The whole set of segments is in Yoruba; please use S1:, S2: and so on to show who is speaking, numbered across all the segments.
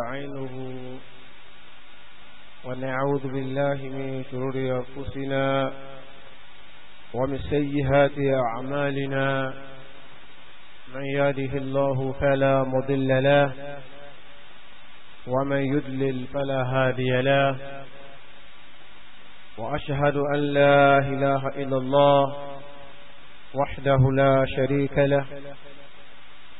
S1: نستعينه ونعوذ بالله من شرور أنفسنا ومن سيئات أعمالنا من يهده الله فلا مضل له ومن يدلل فلا هادي له وأشهد أن لا إله إلا الله وحده لا شريك له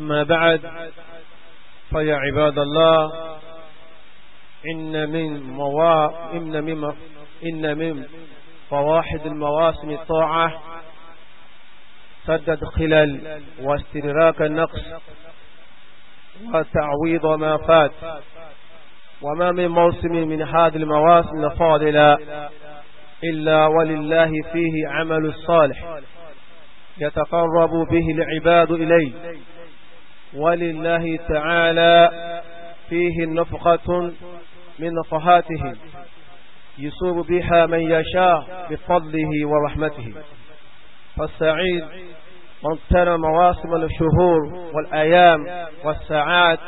S1: أما بعد
S2: فيا عباد الله
S1: إن من موا... إن من إن من فواحد المواسم الطاعة سدد خلال واستدراك النقص وتعويض ما فات وما من موسم من هذه المواسم الفاضلة إلا ولله فيه عمل الصالح يتقرب به العباد إليه ولله تعالى فيه نفقة من نفحاته يصوب بها من يشاء بفضله ورحمته فالسعيد من ترى مواسم الشهور والأيام والساعات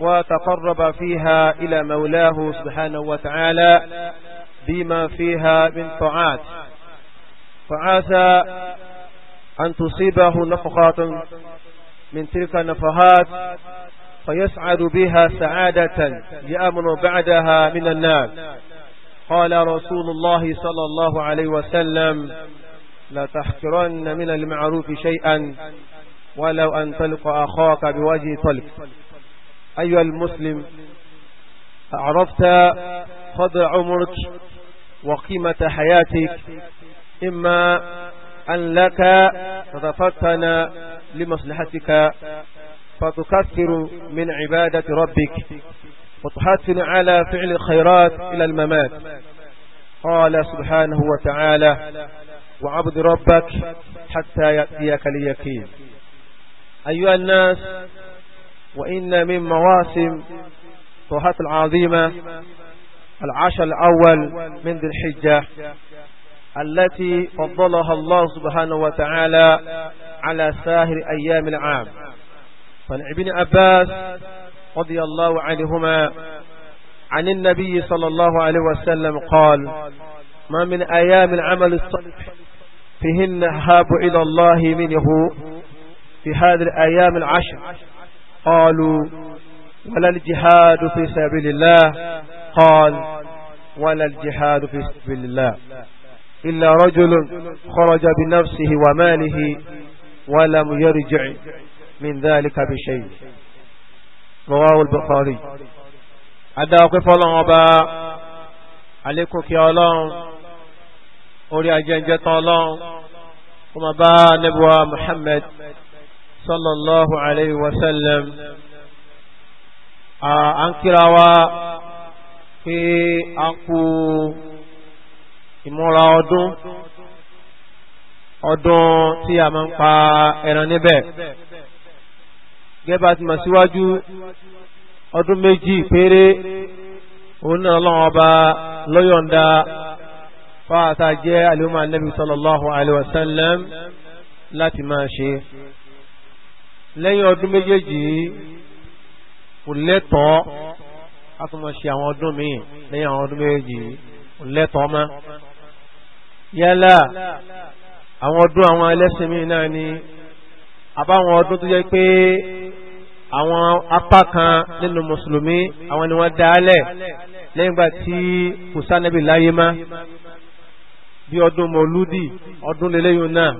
S1: وتقرب فيها إلى مولاه سبحانه وتعالى بما فيها من طاعات فعسى أن تصيبه نفقات من تلك النفحات فيسعد بها سعادة يأمن بعدها من النار قال رسول الله صلى الله عليه وسلم لا تحكرن من المعروف شيئا ولو أن تلقى أخاك بوجه طلق أيها المسلم أعرفت قدر عمرك وقيمة حياتك إما أن لك تتفتن لمصلحتك فتكثر من عبادة ربك وتحسن على فعل الخيرات إلى الممات قال سبحانه وتعالى وعبد ربك حتى يأتيك اليقين أيها الناس وإن من مواسم طهات العظيمة العشر الأول من ذي الحجة التي فضلها الله سبحانه وتعالى على ساهر أيام العام فعن ابن عباس رضي الله عنهما عن النبي صلى الله عليه وسلم قال ما من أيام العمل الصالح فيهن هاب إلى الله منه في هذه الأيام العشر قالوا ولا الجهاد في سبيل الله قال ولا الجهاد في سبيل الله إلا رجل خرج بنفسه وماله ولم يرجع من ذلك بشيء رواه البخاري ada ọpẹ́ fọ́lọ́run ọba àlékún kí Ọlọ́run orí ajẹjẹ tán Ọlọ́run ó máa bá nẹbùwà Muhammad sallallahu alayhi wa sallam
S2: à ń kíra wa
S1: pé a kú ìmúra ọdún ọdún tí a máa ń pa ẹran níbẹ̀ gẹ́bà ti mọ̀ síwájú ọdún méjì péré òun náà lọ́wọ́ ọba lọ́yọ̀ǹda fáata jẹ́ àlúmà nẹ́bí sallallahu alaihi wasallam láti máa ṣe lẹ́yìn ọdún méjèèjì kò lẹ́tọ̀ọ́ a tún máa ṣe àwọn ọdún míì lẹ́yìn àwọn ọdún méjèèjì kò lẹ́tọ̀ọ́ mọ́ yálà àwọn ọdún àwọn ẹlẹ́sìn mi náà ni àbáwọn ọdún tó jẹ́ pé àwọn apá kan nínú mùsùlùmí àwọn ni wọ́n dálẹ̀ lẹ́yìn ìgbà tí kò sánẹ́bì láyé má bí ọdún mọ̀lúdì ọdún lélẹ́yìn náà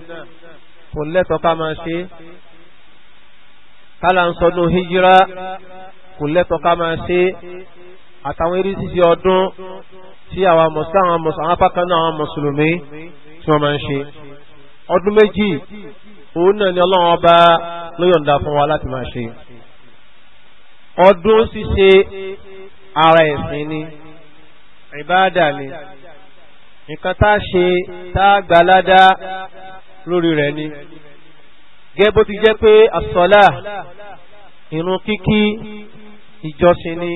S1: kò lẹ́tọ̀ọ́ ká máa ṣe kálá ń sọdún hijira kò lẹ́tọ̀ọ́ ká máa ṣe àtàwọn eré ọdún tí àwọn apákan náà àwọn mùsùlùmí tí wọ́n máa ń ṣe ọdún méjì òun náà ni ọlọ́run ọba ló fún wa láti máa ṣe ọdún ṣíṣe ara ẹ̀sìn ni ìbáàdà ni nǹkan tá a ṣe tá a gbà ládá lórí rẹ̀ ni gẹ́gẹ́ bó ti jẹ́ pé àsọlá ìrun kíkí ìjọsìn ni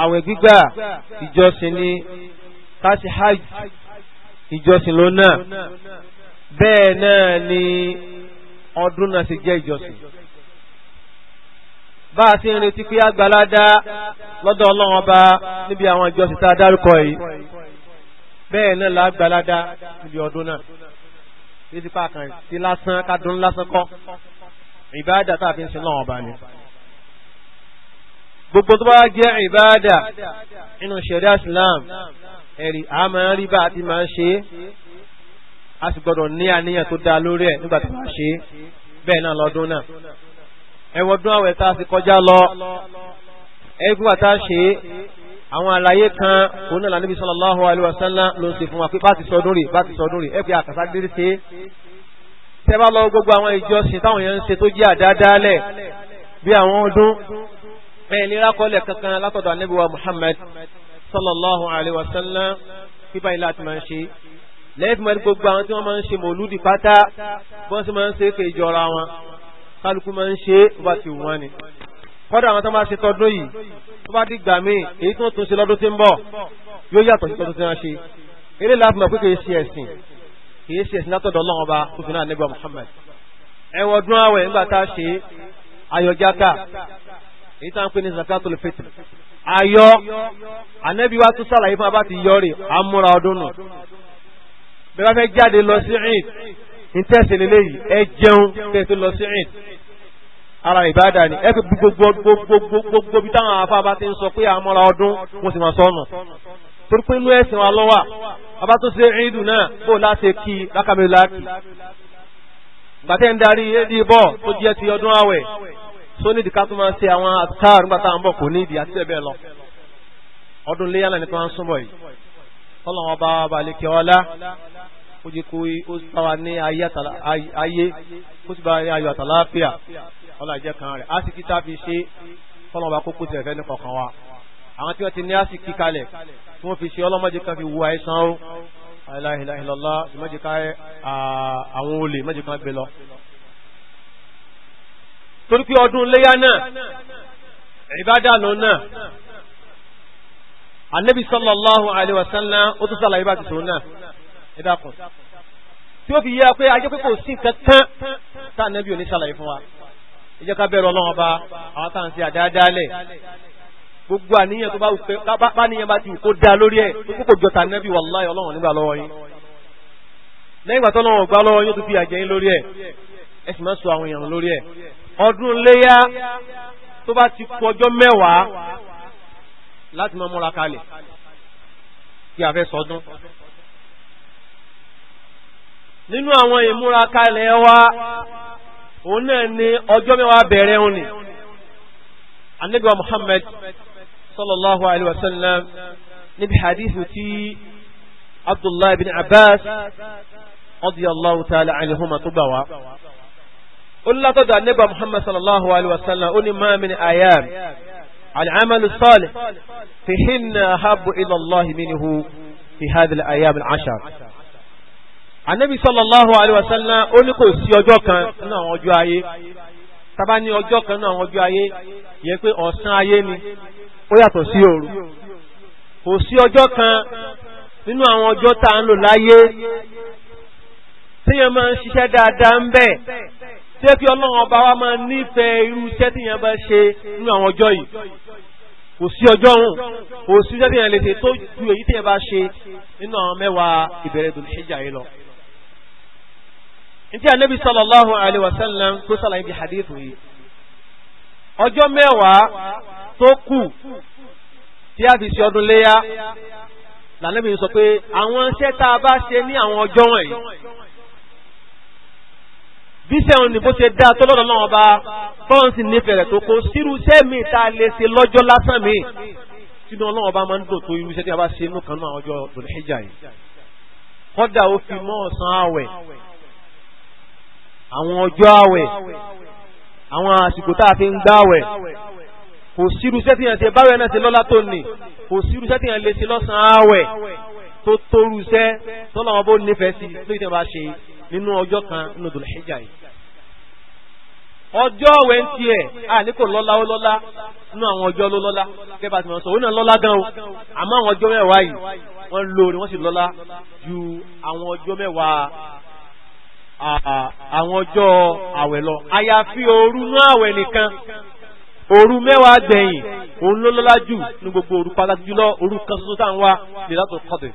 S1: àwẹ̀ gbígbà
S2: ìjọsìn ni
S1: káṣí hajj ìjọsìn ló náà bẹ́ẹ̀ náà ni ọdún náà ti jẹ́ ìjọsìn bá a ti ń retí pé agbáládá lọ́dọ̀ ọlọ́run ọba níbi àwọn ìjọsìn tá a dárúkọ yìí bẹ́ẹ̀ náà la agbáládá níbi ọdún náà títí pàkàn sí lásán kádùn lásán kọ́ ìbáàdà tá a fi ń sin lọ́wọ́ ọba ni gbogbo tó bá jẹ́ ìbáadà inú ṣẹ̀dá islam ẹ̀rì a máa rí bá ti máa ń ṣe a sì gbọ́dọ̀ ní àníyàn tó dá lórí ẹ̀ nígbà tó bá ṣe bẹ́ẹ̀ náà lọ́dún náà ẹwọ́dún àwẹ̀ tá a sì kọjá lọ ẹgbẹ́ tá a ṣe àwọn àlàyé kan òun náà lànàbí sallallahu alaihi wasallam ló ń ṣe fún wa pé bá ti sọdún rè bá ti sọdún rè ẹ pé àkàtà dérí ṣe tẹ́ bá lọ gbogbo àwọn ìjọsìn táwọn yẹn ń ṣe tó jẹ́ àdáadáalẹ̀ bí àwọn ọdún ẹ̀lera kọlẹ̀ kankan látọ̀dọ̀ anábíwa Muhammad sallallahu alaihi wasallam pípa ilá ti máa ń ṣe lẹ́yìn mọ́ gbogbo àwọn tí wọ́n máa ń ṣe mọ̀lúdì pátá bọ́n sí máa ń ṣe é fèjọ ara wọn kálukú máa ń ṣe é bá ti wọ́n ni kọ́dà àwọn tó bá ṣe tọdún yìí tó bá dìgbà míì èyí tó tún ṣe lọ́dún tí ń bọ̀ yóò yàtọ̀ sí tọdún tí wọ́n ṣe eré láti pé kìí ṣe ẹ̀sìn kìí ṣe ẹ̀sìn látọ̀dọ̀ ọlọ́run ọba tó fi náà nígbà Muhammad ẹ̀wọ̀n ọdún àwẹ̀ nígbà tá a ṣe ayọ̀jáká èyí tá ń pè ní zakatul fitr ayọ anabi wa tún sàlàyé fún abá ti yọrè amúra ọdún nù bí wọ́n fẹ́ jáde lọ sí eid ní tẹ̀sí lélẹ́yìí ẹ jẹun tẹ̀sí lọ sí eid ara ìbáda ni ẹ fi gbogbogbogbogbogbo bí táwọn afá bá ti ń sọ pé àmọ́ra ọdún wọn sì máa sọ ọ̀nà torí pé inú ẹ̀sìn wa lọ́wà bàbá ṣe ìdù náà bó láti kí lákàmì láàkì gbàtẹ́ ń darí édì bọ́ tó jẹ́ ti ọdún àwẹ̀ so nídìí ká tó máa ṣe àwọn àtàrà nígbà táwọn bọ̀ kò nídìí àti bẹ́ẹ̀ bẹ́ẹ̀ lọ ọdún léyà náà ní tó máa ń súnmọ́ yìí ọlọ́wọ́n bá wà balẹ̀ kí ọlá ó jẹ́ kó ó sáwà ní ayé ó sì bá ní ayọ̀ àtàláfíà ọlá ìjẹ́ kan rẹ̀ àsìkí tá a fi ṣe ọlọ́wọ́n bá kókó tẹ̀fẹ́ ní kọ̀ọ̀kan wa àwọn tí wọ́n ti ní àsìkí kalẹ̀ tí wọ́n fi ṣe ọlọ́mọdé kan fi wo àìsàn ó aláìláìlọ́lá ìmọ̀jẹ̀ká àwọn olè ìmọ̀jẹ̀ká gbé lọ torí pé ọdún léyá náà ìbádà lọ náà anabi sallallahu alayhi wa sallam ó tún sàlàyé bá ti sòun náà ẹ dákun tí ó fi yẹ pé ajẹ́ pé kò sí nǹkan tán tá anabi ò ní sàlàyé fún wa ẹ jẹ́ ká bẹ̀rù ọlọ́run ọba àwọn tá à ń ṣe àdáadáalẹ̀ gbogbo àníyàn tó bá wùfẹ́ bá níyàn bá ti kó da lórí ẹ̀ tó kókò jọta anabi wàláyé ọlọ́run nígbà lọ́wọ́ yín lẹ́yìn ìgbà tó lọ́wọ́ gbá lọ́wọ́ yóò tún fi àjẹyìn lórí ẹ̀ ẹ sì máa sọ àwọn èèyàn lórí ẹ̀ ọdún léyá tó bá ti kú ọjọ́ mẹ́wàá láti máa múra kalẹ̀ tí a fẹ́ sọdún nínú àwọn ìmúra kalẹ̀ wa òun náà ni ọjọ́ mẹ́wàá bẹ̀rẹ̀ òun ni Ànábì wa sallallahu alaihi wasallam níbi hadithu tí Abdullahi bin Abbas radiyallahu ta'ala anhuma tó gbà wá ó látọ̀dọ̀ anẹ́bà muhammad sallallahu alaihi wasallam ó ní máa min ayyam al'amalu salih fi hinna habbu ila Allah minhu fi hadhihi al-ayyam al-ashar anẹ́bì sallallahu alaihi wasallam ó ní kò sí ọjọ́ kan nínú àwọn ọjọ́ ayé tàbá ní ọjọ́ kan nínú àwọn ọjọ́ ayé yẹ pé ọ̀sán ayé ni ó yàtọ̀ sí òru kò sí ọjọ́ kan nínú àwọn ọjọ́ tá ń lò láyé tíyẹn máa ń ṣiṣẹ́ dáadáa ń bẹ́ẹ̀ ṣé kí ọlọ́run ọba wa máa nífẹ̀ẹ́ irú iṣẹ́ tí yẹn bá ṣe nínú àwọn ọjọ́ yìí kò sí ọjọ́ òun kò sí iṣẹ́ tí yẹn lè ṣe tó ju èyí tí yẹn bá ṣe nínú àwọn mẹ́wàá ìbẹ̀rẹ̀ tó lè ṣe jà yìí lọ. ntí anabi sallallahu alayhi wa sallam tó sàlàyé bí hadith yìí ọjọ́ mẹ́wàá tó kù tí a fi ṣe ọdún léyà lànà sọ pé àwọn iṣẹ́ tá a bá ṣe ní àwọn ọjọ́ wọ̀nyí bí sẹ́wọ̀n ní bó ṣe dá tọ́lọ́dọ̀ náà bá tọ́hún sì nífẹ̀ẹ́ rẹ̀ tó kó sírúṣẹ́ mi tá a lè ṣe lọ́jọ́ lásán mi sínú ọlọ́wọ́n bá máa ń dùn tó irúṣẹ́ tí a bá ṣe inú kan náà ọjọ́ lòlẹ́jà yìí kọ́dà ó fi mọ́ ọ̀sán àwẹ̀ àwọn ọjọ́ àwẹ̀ àwọn àsìkò tá a fi ń gbáwẹ̀ kò sírúṣẹ́ tí yẹn ṣe báwẹ̀ náà ṣe lọ́lá tó nì kò sírúṣẹ́ tí yẹn lè ṣe lọ́sàn-án àwẹ̀ tó tórúṣẹ́ tọ́lọ́wọ́n bó nífẹ̀ẹ́ sí lóyún tí wọ́n bá ṣe nínú ọjọ́ kan nínú Dhul Hijja yìí ọjọ́ ọ̀wẹ́ ń tiẹ̀ a ní kò lọ́lá ó lọ́lá nínú àwọn ọjọ́ ló lọ́lá kẹfà tí wọ́n sọ òun náà lọ́lá gan o
S2: àmọ́ àwọn ọjọ́ mẹ́wàá yìí
S1: wọ́n lóore wọ́n sì lọ́lá ju àwọn ọjọ́ mẹ́wàá àwọn ọjọ́ àwẹ̀ lọ àyàfi òru nú àwẹ̀ nìkan òru mẹ́wàá gbẹ̀yìn òun ló lọ́lá jù ní gbogbo òru pàtàkì jùlọ òru kan tuntun táwọn wá lè látò kọ́dẹ̀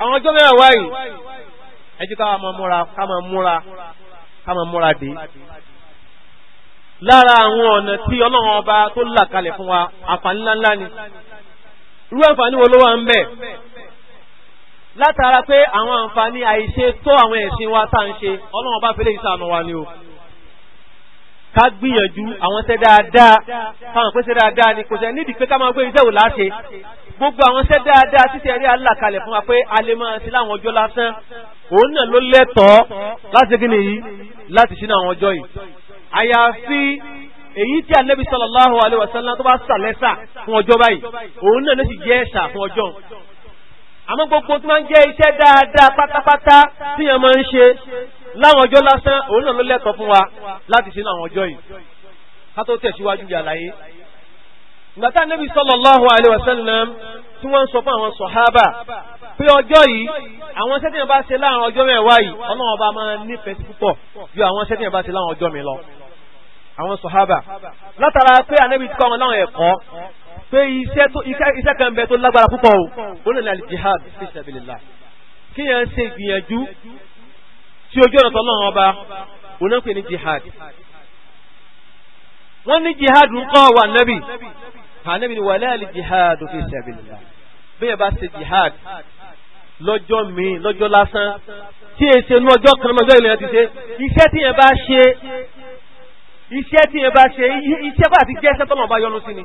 S1: àwọn ọjọ́ ẹjú káwà máa múra káwà múra káwà múra dé lára àwọn ọ̀nà tí ọlọ́run ọba tó là kalẹ̀ fún wa àǹfààní ńláńlá ni irú àǹfààní wo ló wà ń bẹ̀ látara pé àwọn àǹfààní àìṣe tó àwọn ẹ̀sìn wa tá à ń ṣe ọlọ́run ọba fẹ́lẹ́ ìsànà wa ni o ká gbìyànjú àwọn tẹ́ dáadáa káwọn pèsè dáadáa ni kò sẹ́ nídìí pé ká máa gbé iṣẹ́ wò láṣe gbogbo àwọn tẹ́ dáadáa títí ẹ̀rí alákalẹ̀ fún wa pé a lè máa ṣe láwọn ọjọ́ lásán òun náà ló lẹ́tọ̀ọ́ láti gíní yìí láti ṣínú àwọn ọjọ́ yìí àyàfi èyí tí ànábì sallallahu alaihi wasallam tó bá sàlẹ́sà fún ọjọ́ báyìí òun náà ló sì jẹ́ ẹ̀sà fún ọjọ́ àmọ́ gbogbo tí máa ń jẹ́ iṣẹ́ dáadáa pátápátá tí yẹn máa ń ṣe láwọn ọjọ́ lásán òun náà ló lẹ́tọ̀ọ́ fún wa láti ṣínú àwọn ọjọ́ yìí ká tó tẹ̀síwájú yàlàyé ìgbà tí ànábì sallallahu alaihi wasallam tí wọ́n ń sọ fún àwọn sọ̀hábà pé ọjọ́ yìí àwọn sẹ́tì yẹn bá ṣe láàrin ọjọ́ mẹ́wàá yìí ọlọ́run bá máa nífẹ̀ẹ́ sí púpọ̀ ju àwọn sẹ́tì yẹn bá ṣe láàrin ọjọ́ mi lọ. àwọn sọ̀hábà látara pé ànábì kọ́ wọn láwọn ẹ̀kọ́ pé iṣẹ́ kan bẹ tó lágbára púpọ̀ o òun ni alijihad fi sabilillah kí yẹn ṣe ìgbìyànjú tí ojú ọ̀nà tọ́lọ́run ọba òun náà pè ní jihad wọ́n ní jihad ń kọ́ wà nábì ànábì ni wàlẹ́ àlè jihad fi sabilillah bí yẹn bá ṣe jihad lọ́jọ́ mi lọ́jọ́ lásán tí èsì inú ọjọ́ kan mọ́jọ́ ìlú yẹn ti ṣe iṣẹ́ tí yẹn bá ṣe iṣẹ́ tí yẹn bá ṣe iṣẹ́ bá ti jẹ́ iṣẹ́ tọ́lọ̀ bá yọnu sí ni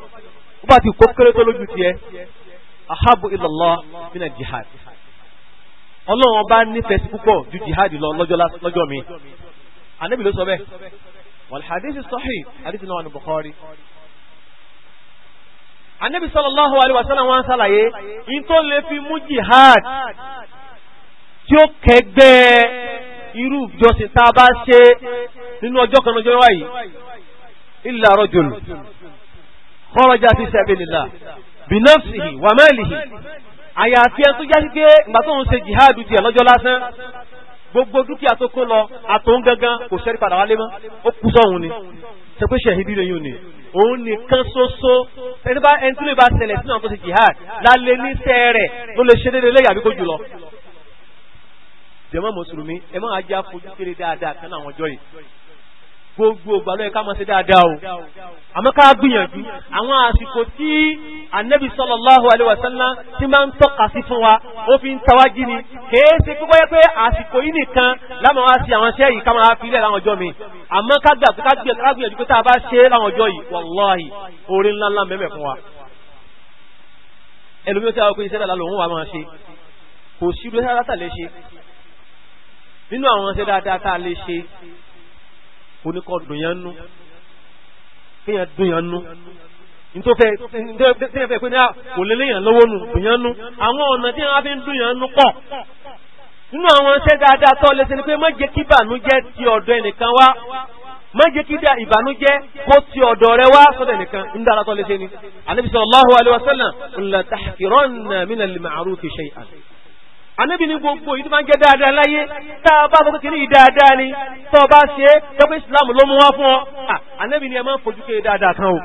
S1: ó bá ti kó kéré tó lójú tiẹ̀ ahabu ilallah mina jihad ọlọ́run ọba nífẹ̀ẹ́ sí púpọ̀ ju jihad lọ lọ́jọ́ mi ànábì ló sọ bẹ́ẹ̀ wal hadith sahih hadith wà ní Bukhari anabi sallallahu alaihi wasallam wọn ṣàlàyé in tó lè fi mú jihad tí ó kẹgbẹ́ irú ìjọsìn tá a bá ṣe nínú ọjọ́ kan ọjọ́ wáyé illa rajul kharaja fi sabilillah bi nafsihi wa malihi àyàfi ẹni tó jásí pé ìgbà tó ń ṣe jihad tiẹ̀ lọ́jọ́ lásán gbogbo dúkìá tó kó lọ àtòun gangan kò ṣẹ́rí padà wálé mọ́ ó kú sọ́hun ṣe pé ṣẹ̀hídì lè yùn ni òun nìkan ṣoṣo ẹni bá ẹni tí lè bá ṣẹlẹ̀ sínú àwọn tó ṣe jihad lálẹ́ ní sẹ́ẹ̀rẹ̀ ló lè ṣe déédéé lẹ́yìn àbíkó jùlọ. jẹ̀mọ́ mùsùlùmí ẹ máa jẹ́ àfojú kéré dáadáa kan àwọn ọjọ́ yìí gbogbo ìgbàlọ́ ẹ̀ká máa ṣe dáadáa o àmọ́ ká gbìyànjú àwọn àsìkò tí anabi sallallahu alaihi wasallam tí máa ń tọ́ka sí fún wa ó fi ń tawájí ni kèé ṣe pípọ́ yẹ pé àsìkò yìí nìkan lámà wá sí àwọn iṣẹ́ yìí ká máa fi ilẹ̀ láwọn ọjọ́ mi àmọ́ ká gbìyànjú pé tá a bá ṣe é láwọn ọjọ́ yìí wallahi orí ńláńlá mẹ́mẹ́ fún wa ẹlòmí ó ti àwọn pé iṣẹ́ dáadáa lòun wà máa ṣe kò sí irú oníkọ́ dùnyánú kéèyàn dùnyánú nítòfẹ́ tẹ́yàn fẹ́ pé ní kò lè léyàn lọ́wọ́ nù dùnyánú àwọn ọ̀nà tí wọ́n fi ń dùnyánú pọ̀ nínú àwọn iṣẹ́ dáadáa tọ́ lẹ́sẹ̀ ni pé má jẹ́ kí ìbànújẹ́ ti ọ̀dọ̀ ẹnìkan wá má jẹ́ kí ìbànújẹ́ kó ti ọ̀dọ̀ rẹ wá sọ́dọ̀ ẹnìkan ń dára tọ́ lẹ́sẹ̀ ni Ànábì sallallahu alaihi wasallam la tahqiranna min al-ma'rufi shay'an ànábì ní gbogbo yìí tó máa ń jẹ́ dáadáa láyé tá a bá fọ́ kékeré yìí dáadáa ni tó o bá ṣe é tọ́pẹ́ islam ló mú wá fún ọ ànábì ní ẹ máa ń fojú kéré dáadáa kan o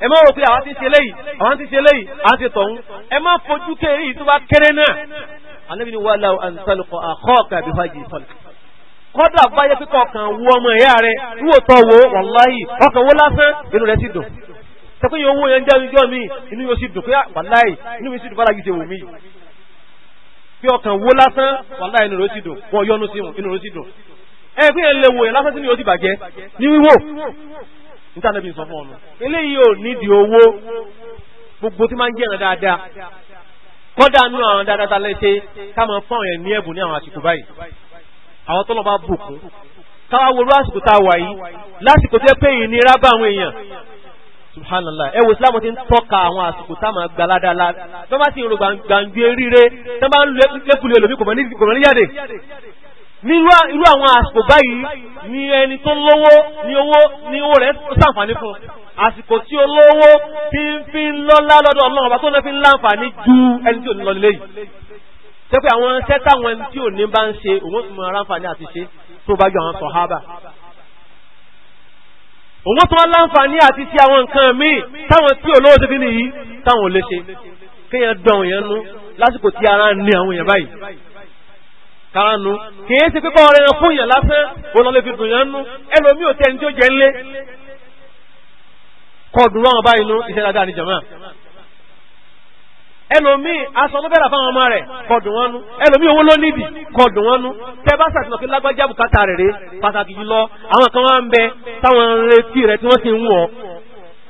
S1: ẹ máa rò pé àwọn ti ṣe léyìí àwọn ti ṣe léyìí àwọn ti tọ̀hún ẹ máa fojú kéré yìí tó bá kéré náà ànábì ní wàhálà àǹtálùkọ àkọ́ọ̀kà àbíwájì ìfọ̀lẹ̀ kọ́dà bá yẹ kan wo ọmọ ìyá rẹ̀ wúwòtọ́ wo wàláyì ọkàn wo lásán inú rẹ̀ sì dùn tẹ́kùn yóò wó yẹn jẹ́ ìjọ mi inú yóò sì dùn pé ah, wàláyì inú mi sì dùn bára fi ọkàn wó lásán wàlá inú rẹ̀ sì dùn wọn yọnu sí wọn inú rẹ̀ sì dùn ẹ pé ẹ lè wò ẹ lásán sí ni ó ti bàjẹ́ ní wíwò níta níbi sọ fún ọ̀nà eléyìí ò nídìí owó gbogbo tí máa ń jẹ́ràn dáadáa kọ́dà nú àwọn dáadáa ta lẹ́sẹ̀ ká máa fún àwọn ẹ̀ní ẹ̀bùn ní àwọn àsìkò báyìí àwọn tọ́lọ̀ bá bùkún káwá wo lásìkò tá a wà yìí lásìkò tẹ́ pé ìnira bá àwọn èèyàn subhanallah ẹ wo islam ti ń tọ́ka àwọn àsìkò tá máa gba ládàá tó bá sì ń ro gbàǹgbé ríre tó bá ń lékulè lómi kò mọ̀ níyàdé nírú irú àwọn àsìkò báyìí ni ẹni tó lówó ni owó ni owó rẹ̀ ṣàǹfààní fún àsìkò tí ó lówó tí ń fi ń lọ́lá lọ́dọ̀ ọlọ́run ọba tó lọ́ fi ń láǹfààní ju ẹni tí ò ní lọ lélẹ́yìí tẹ́pẹ́ àwọn ṣẹ́tàwọn ẹni tí ò ní bá ń ṣe òun ti mọ aráǹfààní àti ṣe òun tó aláǹfààní àti sí àwọn nǹkan míì táwọn tí olówó ṣe fi nìyí táwọn ò lè ṣe kéèyàn dán òyìn nú lásìkò tí ara ń ní àwọn èèyàn báyìí karanu kìí ṣe pípọ́ ọ̀rẹ́ yẹn fún yẹn lásán olólè fi dùn yẹn nú ẹlòmíì ò tẹ́ni tí ó jẹ́ ńlé kọ́ dùn wọn báyìí nú iṣẹ́ dáadáa ní jàmáà ẹlòmíì aṣọ ló bẹ̀rẹ̀ fáwọn ọmọ rẹ̀ kọ̀dùn wọn nú ẹlòmíì owó ló nídìí kọ̀dùn wọn nú tẹ bá ṣàtìmọ̀ kí lágbájá bùkátà rẹ̀ rẹ̀ pàtàkì jùlọ àwọn kan wá ń bẹ táwọn ń retí rẹ̀ tí wọ́n ti ń wọ̀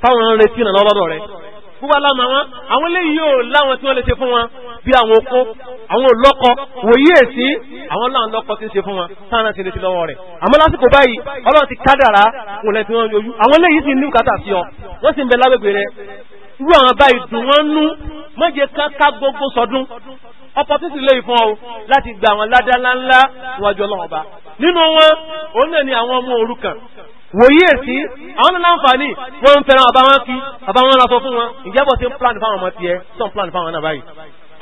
S1: táwọn ń retí rẹ̀ lọ́dọ̀ rẹ̀ gbogbo aláma wọn àwọn eléyìí yóò láwọn tí wọ́n lè ṣe fún wọn bí àwọn okó àwọn olóko wòye èsì àwọn láwọn lọ́kọ ti ń ṣe fún wọn sáànà ti lè ti lọ́wọ́ rẹ̀ àmọ́ lásìkò báyìí Ọlọ́run ti kádàrá kò lẹ́tí wọn yọjú àwọn eléyìí sì ní bùkátà sí ọ wọ́n sì ń bẹ lágbègbè rẹ̀ irú àwọn báyìí dùn wọ́n nú mọ́jẹ káká gbogbo sọdún opportunity lè fún ọ láti gba àwọn ládàlá ńlá níwájú ọlọ́run ọba nínú wọn òun náà ni àwọn ọmọ òrukàn wòye sí àwọn náà láǹfààní wọn ń fẹ́ràn bàbá wọn kí bàbá wọn lọ́sọ fún wọn ìjẹ́bọ̀ tí ń plan fáwọn ọmọ tiẹ̀ tó ń plan fáwọn náà báyìí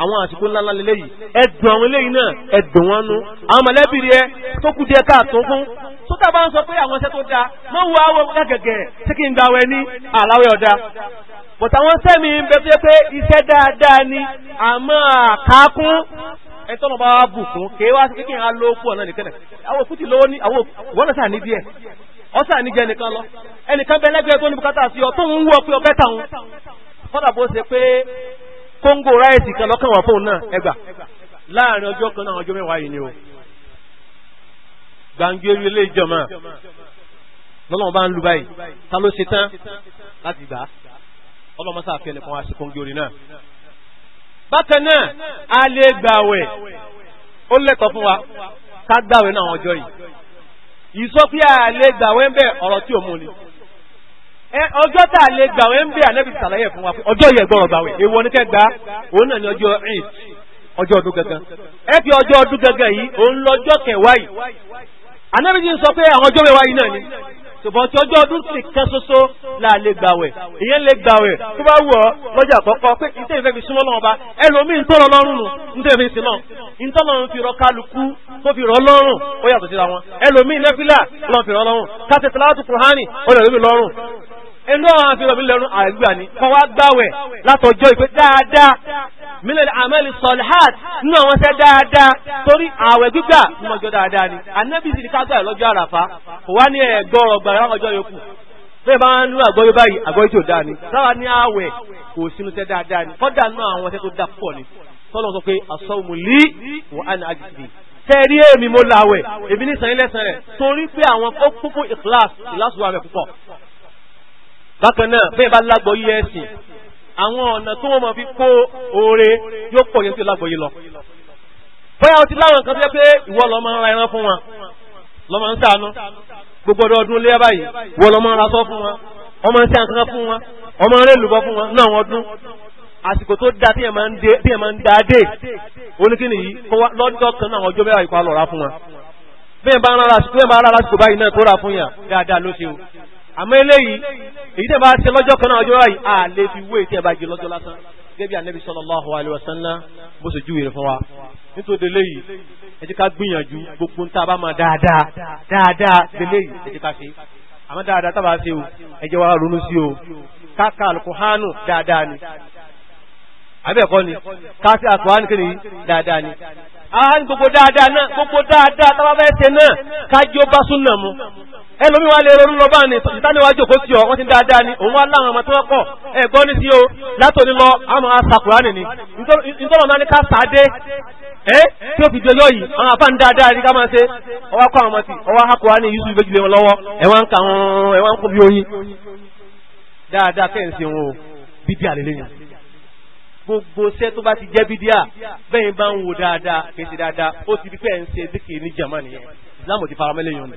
S1: àwọn àsìkò ńláńlá lélẹ́yìí ẹ̀dùn àwọn eléyìí náà ẹ̀dùn wọn nú àwọn mọ̀lẹ́bí rẹ tó kù díẹ̀ káàtó fún sótà bá ń sọ pé àwọn iṣẹ́ tó dáa mọ́ wo àwọn gàgẹ̀gẹ̀ tí kì í gba awẹ ní àláwẹ̀ ọ̀dà but wọn sẹ́mi ń bẹ tó ni àmọ́ àkákún ẹ̀tọ́ náà bá wá bù fún kí wá kí n lọ kú ọ̀nà nìkan náà àwọn òkú ti lówó ní àwọn òwòrán sáà ní díẹ̀ ọ̀sà ní jẹ́ nìkan lọ ẹnìkan bẹ lẹ́gbẹ̀ẹ́ tó ní bùkátà sí ọ kan lọ́kàn wà fóun náà ẹgbà láàrin ọjọ́ kan náà ọjọ́ mẹ́wàá yìí ni o gbàǹgì ilé lọ́lọ́wọ́n bá ń lu báyìí ta ló ṣe ọlọ́mọsá àfi ẹnìkan wá sí kóńgí orin náà bákan náà a lè gbàwẹ̀ ó lẹ́tọ̀ọ́ fún wa ká gbàwẹ̀ náà ọjọ́ yìí ìsọ́fí a lè gbàwẹ̀ ń bẹ̀ ọ̀rọ̀ tí ò mú ni ọjọ́ tá a lè gbàwẹ̀ ń bẹ̀ ànábì sàlàyé fún wa pé ọjọ́ yẹ gbọ́rọ̀ gbàwẹ̀ èwo ni kẹ́ gbà òun náà ni ọjọ́ ẹ̀ẹ́d ọjọ́ ọdún gangan ẹ fi ọjọ́ ọdún gangan yìí òun lọ́jọ́ kẹwàá yìí ànábì ti sọ pé àwọn ọjọ́ mẹ́wàá yìí náà ni ṣùgbọ́n tí ọjọ́ ọdún sì kan ṣoṣo láà lè gbàwẹ̀ ìyẹn lè gbàwẹ̀ tó bá wù ọ́ lọ́jà àkọ́kọ́ pé ìtẹ́ ìfẹ́ fi súnmọ́ lọ́wọ́ bá ẹlòmíín tó rọ lọ́rùn nù nítorí fi sí náà ìtọ́lọ́run fi rọ kálukú tó fi rọ lọ́rùn ó yàtọ̀ síra wọn ẹlòmíín nẹ́fílà lọ́n fi rọ lọ́rùn kátẹ́tẹ́lá ẹnu àwọn afi ọbí lẹ́nu àgbà ni kọ́ wá gbáwẹ̀ látọjọ́ ìpé dáadáa mílẹ̀ àmẹ́lì sọlhát nínú àwọn tẹ́ dáadáa torí ààwẹ̀ gbígbà mọ́jọ́ dáadáa ni anábì sì ní ká gbà lọ́jọ́ àràfá kò wá ní ẹ̀gbọ́rọ̀ gbàrà ọjọ́ yòókù bẹ́ẹ̀ bá ń lú àgbọ́yé báyìí àgbọ́yé tí ò dáa ni sáwà ní ààwẹ̀ kò sínú tẹ́ dáadáa ni kọ́dà nínú àwọn tẹ́ tó dá pọ̀ ni tọ́lọ́ sọ pé àsọ̀mù lí wọ́n á ní àjèjì tẹ́rí èmi mo láwẹ̀ èmi ní sàn ilẹ̀ sàn rẹ̀ torí pé àwọn kókó ìkìláàsì ìlàsùwà rẹ̀ púpọ̀ bákan náà bẹ́ẹ̀ bá lágbọ́yé ẹ̀sìn àwọn ọ̀nà tó wọ́n mọ̀ fi kó oore yóò pọ̀ yẹn tí ó lágbọ́yé lọ bóyá o ti láwọn nǹkan tó yẹ pé ìwọ lọ máa ń ra ẹran fún wọn lọ máa ń sàánú gbogbo ọdún léyà báyìí ìwọ lọ máa ń ra sọ fún wọn ọmọ ń sẹ́ àǹkan fún wọn ọmọ ń rélùbọ́ fún wọn náà wọn dún àsìkò tó dáa tí ẹ̀ máa ń dáa dé oníkíni yìí lọ́jọ́ kan náà ọjọ́ mẹ́wàá ìpalọ̀ ra fún wọn bẹ́ẹ̀ bá ń rárá àsìkò báyìí náà tó rà fún yà dáadáa ló ṣe o àmọ́ eléyìí èyí tẹ́ bá ṣe lọ́jọ́ kan náà ọjọ́ báyìí a lè fi wé tí ẹ bá jẹ lọ́jọ́ lásán gẹ́gẹ́ bí anabi sallallahu alaihi wasallam bó ṣe júwèé fún wa nítorí eléyìí ẹ jẹ́ ká gbìyànjú gbogbo ń tá a bá máa dáadáa dáadáa eléyìí ẹ jẹ́ ká ṣe àmọ́ dáadáa tá a bá ṣe o ẹ jẹ́ wá ronú sí o káka alukóhánù dáadáa ni àbẹ̀kọ́ ni káfí àkùhánù kìnnì dáadáa ni a ní gbogbo dáadáa náà gbogbo dáadáa tá bá fẹ́ náà ká jí ó bá súnà mu ẹlòmí wa lè ronú lọ bá ní ìtàníwájú òkó sí ọ wọ́n ti dáadáa ni òun wá láwọn ọmọ tí wọ́n pọ̀ ẹ̀gbọ́n ní sí o látòní lọ àmọ́ asàkùránì ni nítorí máa ní ká sàádé ẹ́ tí ó fi di ọjọ́ yìí àwọn afáàn dáadáa ní ká máa ṣe ọwá kọ́ àwọn ọmọ tí ọwá akùránì yusuf ìbejì lé wọn lọ́wọ́ ẹ̀wọ̀n ń kà wọn ẹ̀wọ̀n ń kó bí oyin dáadáa kẹ́ ń ṣe wọn o bíbí àlelẹ́yìn gbogbo iṣẹ́ tó bá ti jẹ́ bídíà bẹ́ẹ̀ bá ń wo dáadáa kèsì dáadáa ó ti di pé ẹ̀ ń ṣe díkì ní jàmá nìyẹn islam ò ti faramẹ́lẹ́yìn ọ̀nà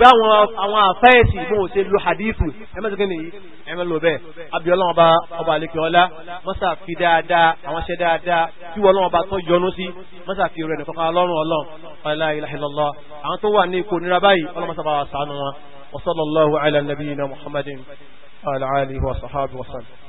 S1: bá àwọn àfẹ́ẹ̀sì bó ṣe lo hadithu ẹmẹ́sì kí ni ẹmẹ́lò bẹ́ẹ̀ abiyọ́lọ́wọ́ bá ọba àlekè ọlá mọ́sà fi dáadáa àwọn ṣẹ́ dáadáa tí wọ́n lọ́wọ́ bá tó yọnu sí mọ́sà fi rẹ̀ nìkan ọlọ́run ọlọ́run la ilaha illallah àwọn tó wà ní ipò nira báyìí ọlọ́mọsà bá wà sànù wọn wa sallallahu wa sallam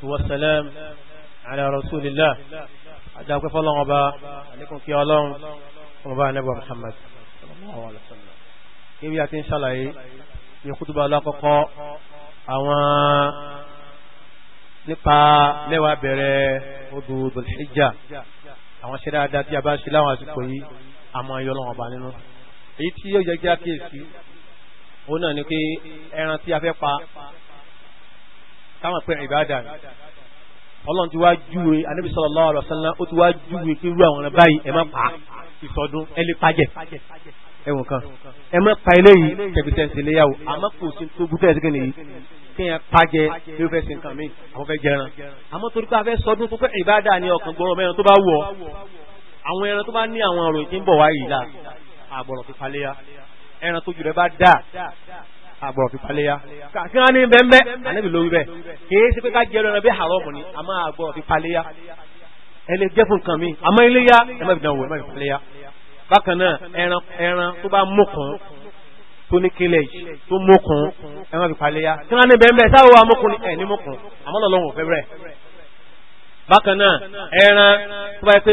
S1: salatu wa salam ala rasulillah ajakwe fọlọ́n ọba alikun kí ọlọ́run ọba anabu muhammad sallallahu alaihi wasallam kébí a ti ń ṣàlàyé ní kútùbà alákọ̀ọ́kọ́ àwọn nípa lẹ́wà bẹ̀rẹ̀ odò dòlhíjà àwọn ṣe dáadáa tí a bá ṣe láwọn àsìkò yìí àmọ́ ayọ́ ọlọ́run ọba nínú èyí tí yóò jẹ́ kí a kíyèsí òun náà ni pé ẹran tí a fẹ́ pa káwọn pẹ̀rẹ̀ ìbáadà ni ọlọ́run ti wá júwe anábì sallallahu alaihi wasallam ó ti wá júwe pé irú àwọn báyìí ẹ má pa ìsọdún ẹ lè pàjẹ́ ẹ̀wọ̀n kan ẹ má pa eléyìí kẹfìtẹ́ǹsì léyàwó àmọ́ kò sí tó bú tẹ̀sí kìnìyí kí ẹ pàjẹ́ bí ó fẹ́ sin kan mí àwọn fẹ́ jẹran àmọ́ torí pé a fẹ́ sọdún tó pẹ́ ìbáadà ni ọkàn gbọ́rọ̀ mẹ́rin tó bá wù àwọn ẹran tó bá ní àwọn ọ̀rọ̀ ìdí ń bọ̀ wá yìí là àgbọ̀rọ̀ fífaléyà ẹran tó jù bá dà àbọ̀ fipáléyà kíkan ní bẹ́ẹ̀ ànábì ló wí bẹ́ẹ̀ kìí ṣe pé ká jẹ́ ẹran bí haramu ni àmọ́ àbọ̀ fipáléyà ẹ lè jẹ́ fún kan mi àmọ́ iléyà ẹ má fi dánwò ẹ má fi fipáléyà bákan náà ẹran ẹran tó bá mọ̀kàn tó ní kílẹ̀ yìí tó mọ̀kàn ẹ má fi fipáléyà kíkan ní bẹ́ẹ̀ sáwọ́ amọ̀kùn ẹ̀ ní mọ̀kàn àmọ́ lọ́lọ́wọ́ fẹ́ bẹ́ẹ̀ bákan náà ẹran tó bá yẹ pé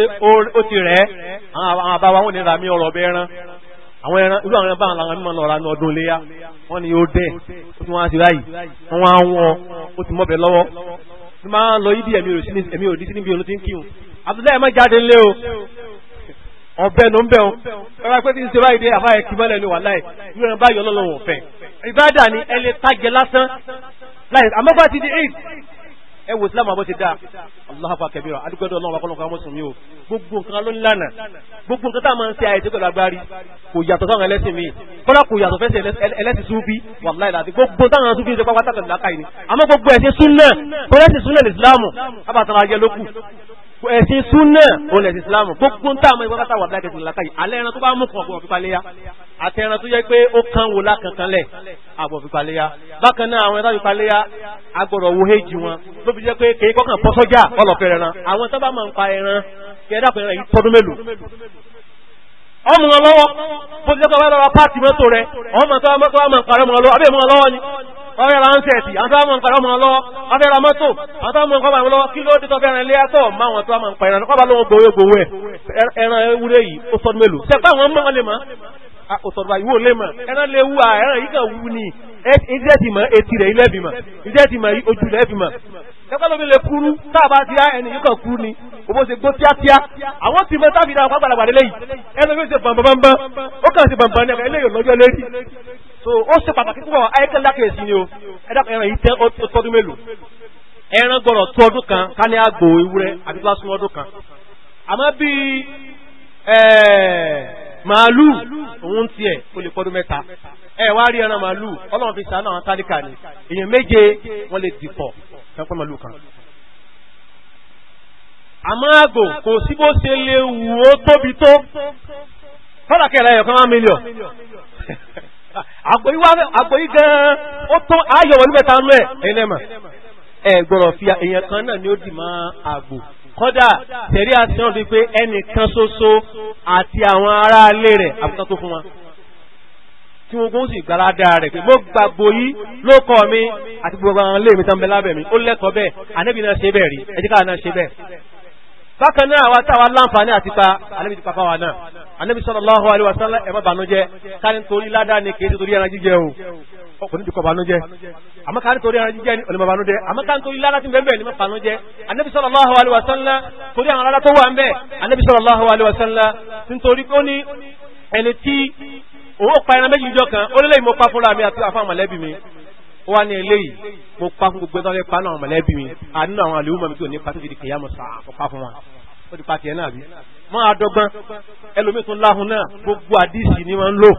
S1: ó ti rẹ̀ àwọn àbáwá wọn ní ra mi ọ̀rọ̀ bẹ́ẹ̀ ẹran àwọn ẹran irú àwọn ẹran báwọn làwọn mímọ lọ́ra ní ọdún iléyà wọ́n ní yóò dẹ̀ ó ti wọ́n á ti ráyì wọ́n á wọ́n ó ti mọ́bẹ̀ lọ́wọ́ tí máa ń lọ yídí ẹ̀mí òdí sí níbi olóti ń kíhun Abdullahi má jáde ńlé o ọ̀bẹ ló ń bẹ̀ o ẹ̀rọ pé tí ń ṣe báyìí dé àfáà ẹ̀kí mọ́lẹ̀ ní wàhálà ẹ̀ irú ẹran báyìí ọlọ́lọ́wọ̀n fẹ́ ìbádà ni ẹ lè tájẹ lásán láì àmọ́ bá ti di eight ẹ wo islam àbọ̀ ti dáa allah afa kẹbíra adúgbò ọlọ́run wa kọ́lọ́kọ́ amọ̀sùn mi o gbogbo nǹkan ló ń lànà gbogbo nǹkan tá a máa ń ṣe àyètí pẹ̀lú agbárí kò yàtọ̀ sáwọn ẹlẹ́sìn mi kọ́lá kò yàtọ̀ fẹ́sẹ̀ ẹlẹ́sìn súbí wàláì láti gbogbo táwọn súbí ṣe pápá tàbí lákàyè ni àmọ́ gbogbo ẹ̀sìn súnà kọ́lẹ́sìn súnà ìsìlámù abàtàrà ajẹ́ lókù ẹ̀sìn súnà olè ìsìlámù gbogbo táwọn ìpápátá wà lákàyè alẹ́ ẹran tó bá mú kọ̀ọ̀kọ̀ fipá léyà àti ẹran tó jẹ́ pé ó kán wo lákankanlẹ̀ àbọ̀ fipáléyà bákan náà àwọn ẹ̀dá fipáléyà agbọ̀rọ̀ wo héjì wọn ló fi jẹ́ pé kèé kọ́kàn bọ́ sọ́jà ọlọ́fẹ́ ẹran àwọn tó bá máa ń pa ẹran kí ẹ̀dá pẹ̀lú ẹ̀yìn tọdún mélòó ọmọ wọn bó ti jẹ́ pé wọ́n lọ́wọ́ pààtì mọ́tò rẹ ọmọ tó wọ́n máa òtọ̀dọ̀bà ìwò lè mọ̀ ẹran lè wú à ẹran yìí kan wú ni ìjẹ́ ti mọ̀ etí rẹ̀ ilẹ̀ bìmọ̀ ìjẹ́ ti mọ̀ ojú rẹ̀ bìmọ̀ ẹgbẹ́lómi lè kúrú táàbà tí ẹni yìí kan kúrú ni òbó ṣe gbó tíátíá àwọn tí mọ tábìlì àwọn àgbàlagbà lélẹ̀ yìí ẹni mi so ó ṣe pàtàkì púpọ̀ ayékẹ́ lákèésí ni o ẹ̀dàkùn ẹran yìí tẹ́ ọtọ́dún mélòó ẹran gbọ́dọ̀ tó ọdún kan ká ní àgbò màálù òun ti ẹ̀ o lè pọ́dún mẹ́ta ẹ wá rí ẹran màálù ọlọ́run fi sàánà àwọn tálíkà ni èèyàn méje wọ́n lè dìpọ̀ ẹ̀pẹ́ màálù kan àmọ́ àgbò kò sí bó ṣe lè wù ó tóbi tó fọ́nà kẹrẹ ẹ̀yọ̀ kan wá mílíọ̀ àgbòyí gan-an ó tó ayọ̀wọ̀ níbẹ̀ tánú ẹ̀ ẹ̀yìn lẹ́mà ẹ̀ gbọ́rọ̀ fi èèyàn kan náà ni ó dì máa àgbò kọ́dà tẹ̀rí àtìyàn rí pé ẹnìkan ṣoṣo àti àwọn ará alé rẹ̀ àbúkọ́ tó fún wa tí wọ́n gún sí ìgbàládà rẹ̀ pé mo gbàgbò yí ló kọ́ mi àti gbogbo àwọn ilé mi tán bẹ lábẹ̀ mi ó lẹ́kọ̀ọ́ bẹ́ẹ̀ ànẹ́bí náà ṣe bẹ́ẹ̀ rí ẹjẹ́ káà náà ṣe bẹ́ẹ̀ bákan náà àwa táwa láǹfààní àti pa ànẹ́bí ti pàpà wa náà ànẹ́bí sallallahu alaihi wasallam ẹ má bànújẹ́ ká kò ní ti kọ́ banújẹ́ àmọ́ ká nítorí ara jíjẹ́ ọ̀nà banújẹ́ àmọ́ ká nítorí lára tí bẹ́ẹ̀ ní mọ́ banújẹ́ anabi sallallahu alaihi wasallam torí àwọn ará tó wà ń bẹ̀ anabi sallallahu alaihi wasallam nítorí ó ní ẹni tí òun pa ẹran méjì níjọ́ kan ó lélẹ́yìn mo pa fúnra mi àti àfọ àwọn mọ̀lẹ́bí mi ó wá ní eléyìí mo pa fún gbogbo ẹgbẹ́ pa náà mọ̀lẹ́bí mi àdínà àwọn àlèwúmọ̀ mi tí ò ní pa tó fi di kìyàmù sáà kó pa fún wọn ó ti pa tiẹ̀ náà bí máa dọ́gbọ́n ẹlòmí tún láhun náà gbogbo àdísì ni wọ́n ń lò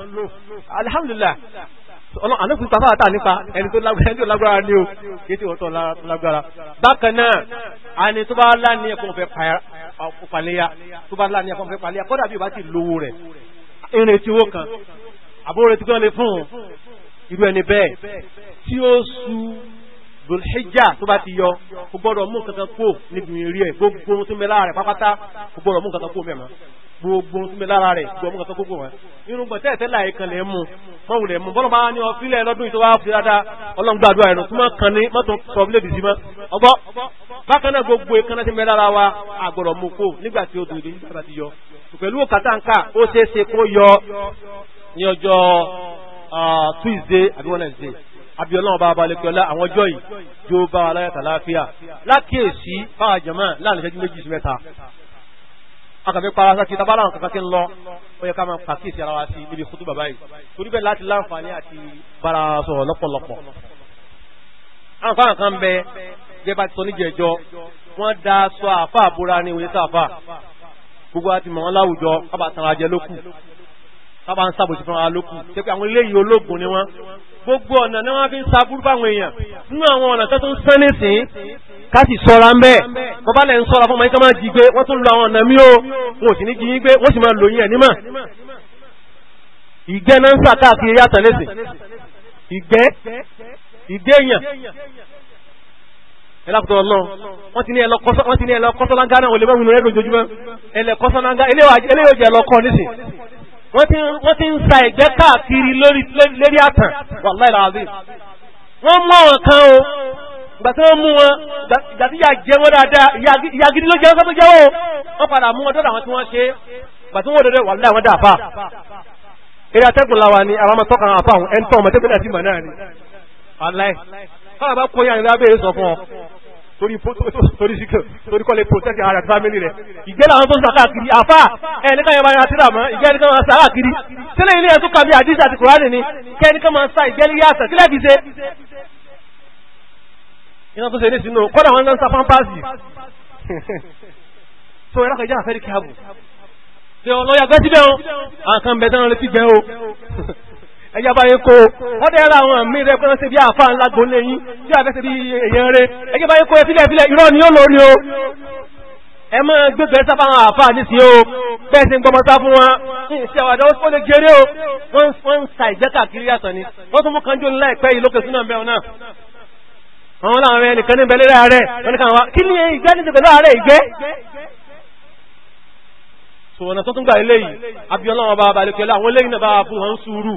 S1: alhamdulillah ànábì sọ fáwọn àtà nípa ẹni tó lágbára ní o kì í ti wọ́n tó lágbára bákan náà Ani tó bá láni ẹkùn fẹ́ paléyà tó bá láni ẹkùn fẹ́ paléyà kọ́dà bí o bá ti lówó rẹ̀ irin tí wó kan àbúrò tí wọ́n lè fún irú ẹni bẹ́ẹ̀ tí ó su dùlhíjà tó bá ti yọ kò gbọ́dọ̀ mú kankan kó níbi rí ẹ̀ gbogbo tó mẹ́lára rẹ̀ pápátá kò gbọ́dọ̀ mú kankan kó mẹ́mọ́ gbogbo tí mi lára rẹ̀ gbogbo ọmọ kan gbogbo wọn irun gbọ̀n tẹ́ẹ̀tẹ́ láì kan lè mú mọ́wù lè mú bọ́lọ̀ bá ní ọfílẹ̀ lọ́dún ìṣọ́ wá fi dáadáa ọlọ́ngbàdúrà ẹ̀rùn tí wọ́n kan ní mọ́tò problem sí mọ́ ọgbọ́ bákan náà gbogbo ìkànnà tí mi lára wa àgbọ̀rọ̀ mú kó nígbà tí ó dùn ìdí nígbà tí yọ pẹ̀lú òkàtàǹkà ó ṣeé ṣe kó yọ ní ọjọ́ Tuesday àbí Wednesday àbí ọlọ́run bá balẹ̀ pẹ̀lú àwọn ọjọ́ yìí yóò bá wa láyàtà láàfíà lákèèsí fáwọn jẹ̀mọ́ láàrin ìṣẹ́jú méjì sí mẹ́ta akàfẹ́ para sákì tabara àwọn kankan tí ń lọ ó yẹ ká máa pàkíyèsí ara wa sí níbi kútú bàbá yìí torí bẹ́ẹ̀ láti láǹfààní àti bára sọ̀rọ̀ lọ́pọ̀lọpọ̀ àǹfààní kan bẹ gẹ́gẹ́ bá ti sọ níjẹ̀jọ́ wọ́n da sọ àfà àbúra ní òye sáfà gbogbo àti mọ̀ wọn láwùjọ kábà tanra jẹ lókù kábà ń sàbòsí fún ara lókù ṣe pé àwọn eléyìí ológun ni wọn gbogbo ọ̀nà ni wọ́n fi ń sa burúkú àwọn èèyàn nínú àwọn ọ̀nà tó tún sán ká sì sọ́ra ń bẹ́ẹ̀ wọ́n bá lẹ̀ ń sọ́ra fún ọmọ ikọ́ máa jí gbé wọ́n tún lọ àwọn ọ̀nà mí o wọn ò sì ní jí yín gbé wọ́n sì máa lò yín ẹ̀ nímọ̀ ìgbẹ́ náà ń sà káàkiri yàtọ̀ lẹ́sìn ìgbẹ́ ìdé èèyàn ẹlẹ́kùtọ̀ ọlọ́run wọ́n ti ní ẹlọ kọ́sọ́láńgá náà wọlé mẹ́rin rẹ̀ lójoojúmọ́ ẹlẹ́ kọ́sọ́láńgá eléyò jẹ́ ẹlọ́kọ́ nísìn wọ́n ti ń sa ìgbẹ́ káàkiri lórí àtàn wàláì kan o gbàtí wọ́n mú wọn gbàtí ìyà jẹ wọ́n dáadáa ìyà gidi ló jẹ́ wọ́n tó jẹ́wọ́ wọ́n padà mú wọn dọ́dọ̀ àwọn tí wọ́n ṣe gbàtí wọ́n dọ́dọ̀ wà láì wọ́n dáàfà eré atẹ́gùn láwa ni àwọn ọmọtọ́ka àwọn àfà àwọn ẹ̀ńtọ́ ọmọ tẹ́gbẹ́lẹ́ sí màná ni aláì káwọn bá kó yàn lábẹ́ sọ fún ọ torí torí síkè torí kọ́lé protect ara family rẹ̀ ìgbé làwọn tó ń sọ káàkiri àfà ẹ̀ nígbà yẹn bá yẹn àtìrà mọ́ ìgbé ẹnìkan máa ń sa káàkiri sílẹ̀ ilé ẹ̀ tó kàbí àdìsí àti kùránì ni kẹ́ ẹnìkan máa ń sa ìgbé ní yàtọ̀ sílẹ̀ fi ṣe iná tó ṣe ní sínú kọ́dà wọn ń sá pampasì tó ẹ̀rọ kẹjá àfẹ́ kíábù tí ọ lọ́yà gbẹ́sí bẹ́ẹ̀ àwọn kan bẹ̀ẹ́ tán lè ti gbẹ́ o ẹjá bá yẹn kó wọ́n dẹ́ ra àwọn mí rẹ̀ pẹ́rẹ́ sí bí àfa ńlá gbónlé yín tí àfẹ́ sí bí èèyàn rẹ̀ ẹjá bá yẹn kó ẹsílẹ̀ sílẹ̀ irọ́ ni ó lórí o ẹ máa gbégbé sáfà àwọn àfa àdìsí o bẹ́ẹ̀ sì ń gbọmọ sá fún wọn ní ìṣe àwàdà ó lè géré o wọ́n ń sa ìgbẹ́kàkiri yàtọ̀ ni wọ́n tún mú kanjú ńlá ìpẹ́ yìí lókè sínú àbẹ̀wò náà àwọn láwọn ẹni kan ní bẹ̀lẹ̀ ààrẹ wọ́n ní káwọn kí ní ìgbẹ́ ní ìgbẹ́ ààrẹ ìgbẹ́ so ọ̀nà tó tún gbà ilé yìí abiyọ́láwọn bá balẹ̀ pẹ̀lú àwọn náà bá fún wọn sùúrù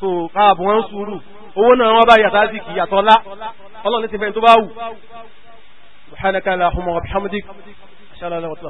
S1: so káàbù wọn sùúrù owó náà wọ́n bá yàtá sí kì yàtọ̀ lá ọlọ́run ti fẹ́ tó bá wù